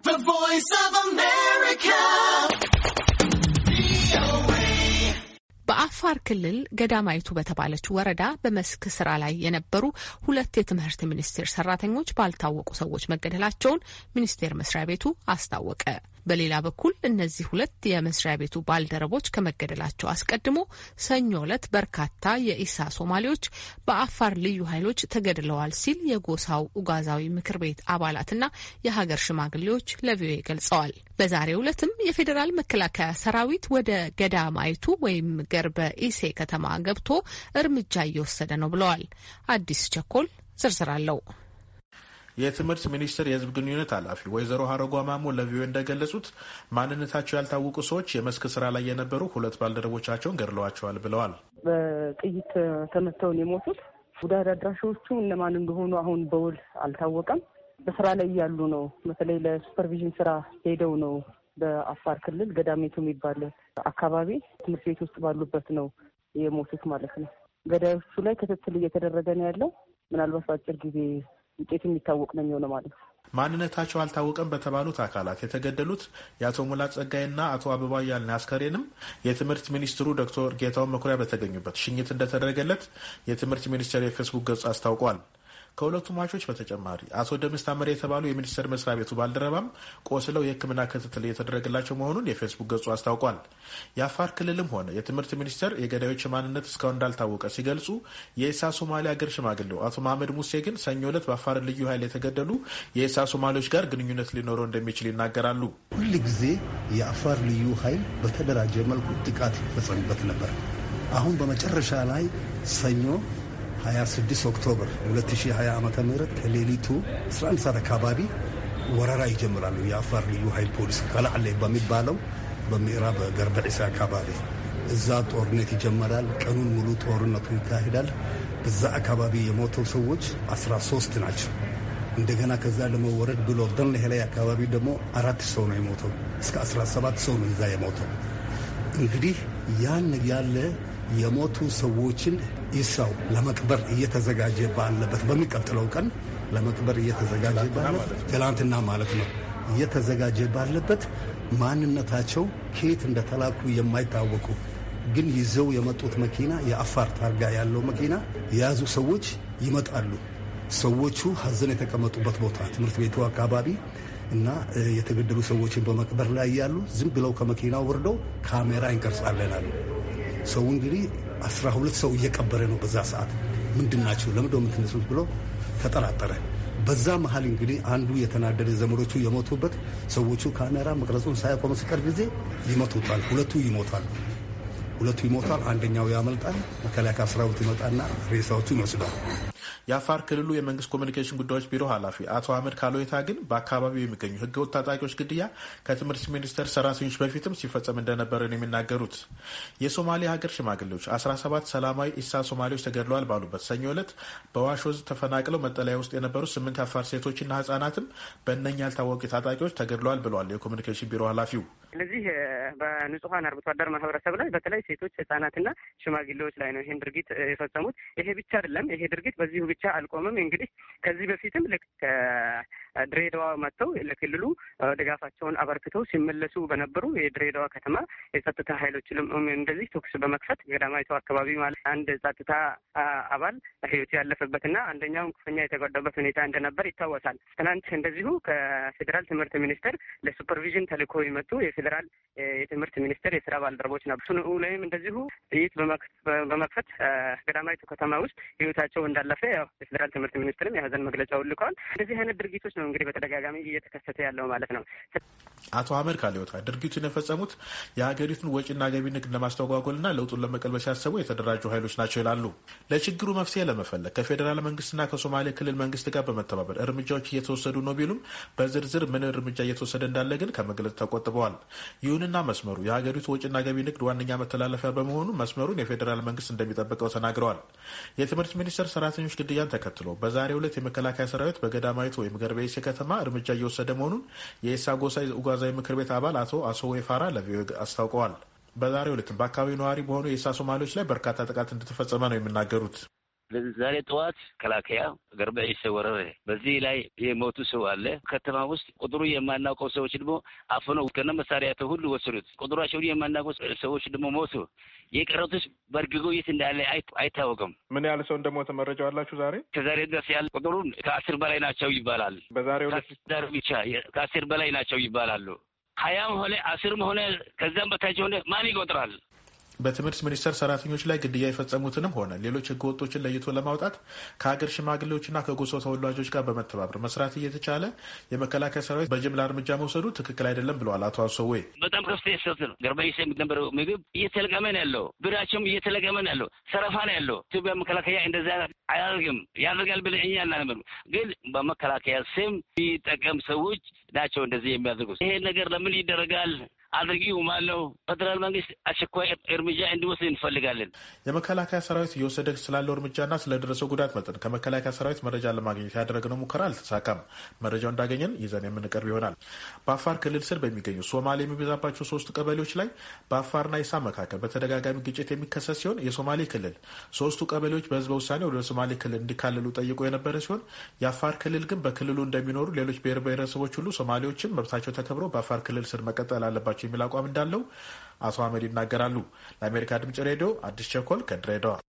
The Voice of America. በአፋር ክልል ገዳማይቱ በተባለች ወረዳ በመስክ ስራ ላይ የነበሩ ሁለት የትምህርት ሚኒስቴር ሰራተኞች ባልታወቁ ሰዎች መገደላቸውን ሚኒስቴር መስሪያ ቤቱ አስታወቀ። በሌላ በኩል እነዚህ ሁለት የመስሪያ ቤቱ ባልደረቦች ከመገደላቸው አስቀድሞ ሰኞ ዕለት በርካታ የኢሳ ሶማሌዎች በአፋር ልዩ ኃይሎች ተገድለዋል ሲል የጎሳው ኡጋዛዊ ምክር ቤት አባላትና የሀገር ሽማግሌዎች ለቪኦኤ ገልጸዋል። በዛሬው ዕለትም የፌዴራል መከላከያ ሰራዊት ወደ ገዳማይቱ ወይም ገርበ ኢሴ ከተማ ገብቶ እርምጃ እየወሰደ ነው ብለዋል። አዲስ ቸኮል ዝርዝር አለው። የትምህርት ሚኒስቴር የህዝብ ግንኙነት ኃላፊ ወይዘሮ ሀረጓ ማሞ ለቪዮ እንደገለጹት ማንነታቸው ያልታወቁ ሰዎች የመስክ ስራ ላይ የነበሩ ሁለት ባልደረቦቻቸውን ገድለዋቸዋል ብለዋል። በጥይት ተመተውን የሞቱት ጉዳት አድራሾቹ እነማን እንደሆኑ አሁን በውል አልታወቀም። በስራ ላይ ያሉ ነው። በተለይ ለሱፐርቪዥን ስራ ሄደው ነው። በአፋር ክልል ገዳሜቱ የሚባል አካባቢ ትምህርት ቤት ውስጥ ባሉበት ነው የሞቱት ማለት ነው። ገዳዮቹ ላይ ክትትል እየተደረገ ነው ያለው። ምናልባት በአጭር ጊዜ ውጤት የሚታወቅ ነው የሚሆነ ማለት ነው። ማንነታቸው አልታወቀም በተባሉት አካላት የተገደሉት የአቶ ሙላ ጸጋይና አቶ አበባ ያልን አስከሬንም የትምህርት ሚኒስትሩ ዶክተር ጌታሁን መኩሪያ በተገኙበት ሽኝት እንደተደረገለት የትምህርት ሚኒስቴር የፌስቡክ ገጽ አስታውቋል። ከሁለቱ ሟቾች በተጨማሪ አቶ ደምስ ታመረ የተባሉ የሚኒስቴር መስሪያ ቤቱ ባልደረባም ቆስለው የሕክምና ክትትል እየተደረገላቸው መሆኑን የፌስቡክ ገጹ አስታውቋል። የአፋር ክልልም ሆነ የትምህርት ሚኒስቴር የገዳዮች ማንነት እስካሁን እንዳልታወቀ ሲገልጹ የኢሳ ሶማሌ ሀገር ሽማግሌው አቶ መሀመድ ሙሴ ግን ሰኞ ዕለት በአፋር ልዩ ኃይል የተገደሉ የኢሳ ሶማሌዎች ጋር ግንኙነት ሊኖረው እንደሚችል ይናገራሉ። ሁል ጊዜ የአፋር ልዩ ኃይል በተደራጀ መልኩ ጥቃት ይፈጸምበት ነበር። አሁን በመጨረሻ ላይ ሰኞ 26 ኦክቶበር 2020 ዓ ም ከሌሊቱ 11 ሰዓት አካባቢ ወረራ ይጀምራሉ። የአፋር ልዩ ኃይል ፖሊስ ከላዕለ በሚባለው በምዕራብ ገርበዒሳ አካባቢ እዛ ጦርነት ይጀመራል። ቀኑን ሙሉ ጦርነቱ ይካሄዳል። በዛ አካባቢ የሞተው ሰዎች 13 ናቸው። እንደገና ከዛ ለመወረድ ብሎ ደንለሄ ላይ አካባቢ ደግሞ አራት ሰው ነው የሞተው። እስከ 17 ሰው ነው እዛ የሞተው። እንግዲህ ያን ያለ የሞቱ ሰዎችን ኢሳው ለመቅበር እየተዘጋጀ ባለበት በሚቀጥለው ቀን ለመቅበር እየተዘጋጀ ባለበት ትላንትና ማለት ነው እየተዘጋጀ ባለበት ማንነታቸው ከየት እንደተላኩ የማይታወቁ ግን ይዘው የመጡት መኪና የአፋር ታርጋ ያለው መኪና የያዙ ሰዎች ይመጣሉ። ሰዎቹ ሀዘን የተቀመጡበት ቦታ ትምህርት ቤቱ አካባቢ እና የተገደሉ ሰዎችን በመቅበር ላይ ያሉ ዝም ብለው ከመኪናው ወርደው ካሜራ ይንቀርጻለናል። ሰው እንግዲህ አስራ ሁለት ሰው እየቀበረ ነው በዛ ሰዓት ምንድን ናቸው ለምዶ የምትነሱት ብሎ ተጠራጠረ። በዛ መሀል እንግዲህ አንዱ የተናደደ ዘመዶቹ የሞቱበት ሰዎቹ ካሜራ መቅረጹን ሳያቆሙ ሲቀር ጊዜ ይመቱታል፣ ሁለቱ ይሞታሉ። ሁለቱ ይሞታል፣ አንደኛው ያመልጣል። መከላከያ ሰራዊት ይመጣና ሬሳዎቹ ይወስዳል። የአፋር ክልሉ የመንግስት ኮሚኒኬሽን ጉዳዮች ቢሮ ኃላፊ አቶ አህመድ ካሎታ ግን በአካባቢው የሚገኙ ህገወጥ ታጣቂዎች ግድያ ከትምህርት ሚኒስቴር ሰራተኞች በፊትም ሲፈጸም እንደነበረ ነው የሚናገሩት። የሶማሌ ሀገር ሽማግሌዎች 17 ሰላማዊ ኢሳ ሶማሌዎች ተገድለዋል ባሉበት ሰኞ ዕለት በዋሾዝ ተፈናቅለው መጠለያ ውስጥ የነበሩ ስምንት አፋር ሴቶችና ህጻናትም በእነኛ ያልታወቁ ታጣቂዎች ተገድለዋል ብለዋል የኮሚኒኬሽን ቢሮ ኃላፊው። ስለዚህ በንጹሀን አርብቶ አደር ማህበረሰብ ላይ በተለይ ሴቶች፣ ህጻናትና ሽማግሌዎች ላይ ነው ይህን ድርጊት የፈጸሙት። ይሄ ብቻ አይደለም። ይሄ ድርጊት በዚሁ ብቻ አልቆምም። እንግዲህ ከዚህ በፊትም ልክ ከድሬዳዋ መጥተው ለክልሉ ድጋፋቸውን አበርክተው ሲመለሱ በነበሩ የድሬዳዋ ከተማ የጸጥታ ኃይሎችም እንደዚህ ተኩስ በመክፈት ገዳማዊቱ አካባቢ ማለት አንድ ጸጥታ አባል ህይወቱ ያለፈበትና አንደኛውን ክፍኛ የተጎዳበት ሁኔታ እንደነበር ይታወሳል። ትናንት እንደዚሁ ከፌዴራል ትምህርት ሚኒስቴር ለሱፐርቪዥን ተልእኮ የመጡ የፌዴራል የትምህርት ሚኒስቴር የስራ ባልደረቦች ነበሩ። እሱ ላይም እንደዚሁ ጥይት በመክፈት ገዳማዊቱ ከተማ ውስጥ ህይወታቸው እንዳለፈ ያው የፌዴራል ትምህርት ሚኒስቴርም የሀዘን መግለጫውን ልከዋል። እንደዚህ አይነት ድርጊቶች ነው እንግዲህ በተደጋጋሚ እየተከሰተ ያለው ማለት ነው። አቶ አህመድ ካሊዮታ ድርጊቱን የፈጸሙት የሀገሪቱን ወጪና ገቢ ንግድ ለማስተጓጎልና ለውጡን ለመቀልበስ ያሰቡ የተደራጁ ኃይሎች ናቸው ይላሉ። ለችግሩ መፍትሄ ለመፈለግ ከፌዴራል መንግስትና ከሶማሌ ክልል መንግስት ጋር በመተባበር እርምጃዎች እየተወሰዱ ነው ቢሉም በዝርዝር ምን እርምጃ እየተወሰደ እንዳለ ግን ከመግለጽ ተቆጥበዋል። ይሁንና መስመሩ የሀገሪቱ ወጪና ገቢ ንግድ ዋነኛ መተላለፊያ በመሆኑ መስመሩን የፌዴራል መንግስት እንደሚጠብቀው ተናግረዋል። የትምህርት ሚኒስቴር ሰራተኞች ግድያን ተከትሎ በዛሬው ዕለት የመከላከያ ሰራዊት በገዳማዊት ወይም ገርቤሴ ከተማ እርምጃ እየወሰደ መሆኑን የኢሳ ጎሳ ተጓዛዊ ምክር ቤት አባል አቶ አሶዌ ፋራ ለቪኦኤ አስታውቀዋል። በዛሬው ዕለት በአካባቢው ነዋሪ በሆኑ የኢሳ ሶማሌዎች ላይ በርካታ ጥቃት እንደተፈጸመ ነው የሚናገሩት። ዛሬ ጠዋት ከላከያ ገርበ ወረረ በዚህ ላይ የሞቱ ሰው አለ። ከተማ ውስጥ ቁጥሩ የማናውቀው ሰዎች ደግሞ አፍኖ ከነ መሳሪያ ሁሉ ወሰዱት። ቁጥሯቸውን የማናውቀው ሰዎች ደግሞ ሞቱ። የቀረቱት በእርግጎ የት እንዳለ አይታወቅም። ምን ያህል ሰው እንደሞተ መረጃ አላችሁ? ዛሬ ከዛሬ ድረስ ያለ ቁጥሩን ከአስር በላይ ናቸው ይባላል። በዛሬ ብቻ ከአስር በላይ ናቸው ይባላሉ። ሀያም ሆነ አስርም ሆነ ከዛም በታች ሆነ ማን ይቆጥራል? በትምህርት ሚኒስቴር ሰራተኞች ላይ ግድያ የፈጸሙትንም ሆነ ሌሎች ህገወጦችን ለይቶ ለማውጣት ከሀገር ሽማግሌዎችና ከጎሶ ተወላጆች ጋር በመተባበር መስራት እየተቻለ የመከላከያ ሰራዊት በጅምላ እርምጃ መውሰዱ ትክክል አይደለም ብለዋል አቶ አሶዌ። በጣም ከፍተኛ ስህተት ነው። ገርበይስ የሚነበረው ምግብ እየተለቀመ ነው ያለው፣ ብራቸውም እየተለቀመ ነው ያለው፣ ሰረፋ ነው ያለው። ኢትዮጵያ መከላከያ እንደዚ አያደርግም። ያደርጋል ብለን እኛ እናነበር፣ ግን በመከላከያ ስም የሚጠቀም ሰዎች ናቸው እንደዚህ የሚያደርጉት። ይሄ ነገር ለምን ይደረጋል? አድርጊው ማለው ፌደራል መንግስት አስቸኳይ እርምጃ እንዲወስድ እንፈልጋለን። የመከላከያ ሰራዊት እየወሰደ ስላለው እርምጃና ስለደረሰው ጉዳት መጠን ከመከላከያ ሰራዊት መረጃ ለማግኘት ያደረግነው ሙከራ አልተሳካም። መረጃው እንዳገኘን ይዘን የምንቀርብ ይሆናል። በአፋር ክልል ስር በሚገኙ ሶማሌ የሚበዛባቸው ሶስቱ ቀበሌዎች ላይ በአፋርና ኢሳ መካከል በተደጋጋሚ ግጭት የሚከሰት ሲሆን የሶማሌ ክልል ሶስቱ ቀበሌዎች በህዝበ ውሳኔ ወደ ሶማሌ ክልል እንዲካለሉ ጠይቆ የነበረ ሲሆን የአፋር ክልል ግን በክልሉ እንደሚኖሩ ሌሎች ብሔር ብሔረሰቦች ሁሉ ሶማሌዎችም መብታቸው ተከብሮ በአፋር ክልል ስር መቀጠል አለባቸው አለባቸው የሚል አቋም እንዳለው አቶ አህመድ ይናገራሉ። ለአሜሪካ ድምጽ ሬዲዮ አዲስ ቸኮል ከድሬዳዋ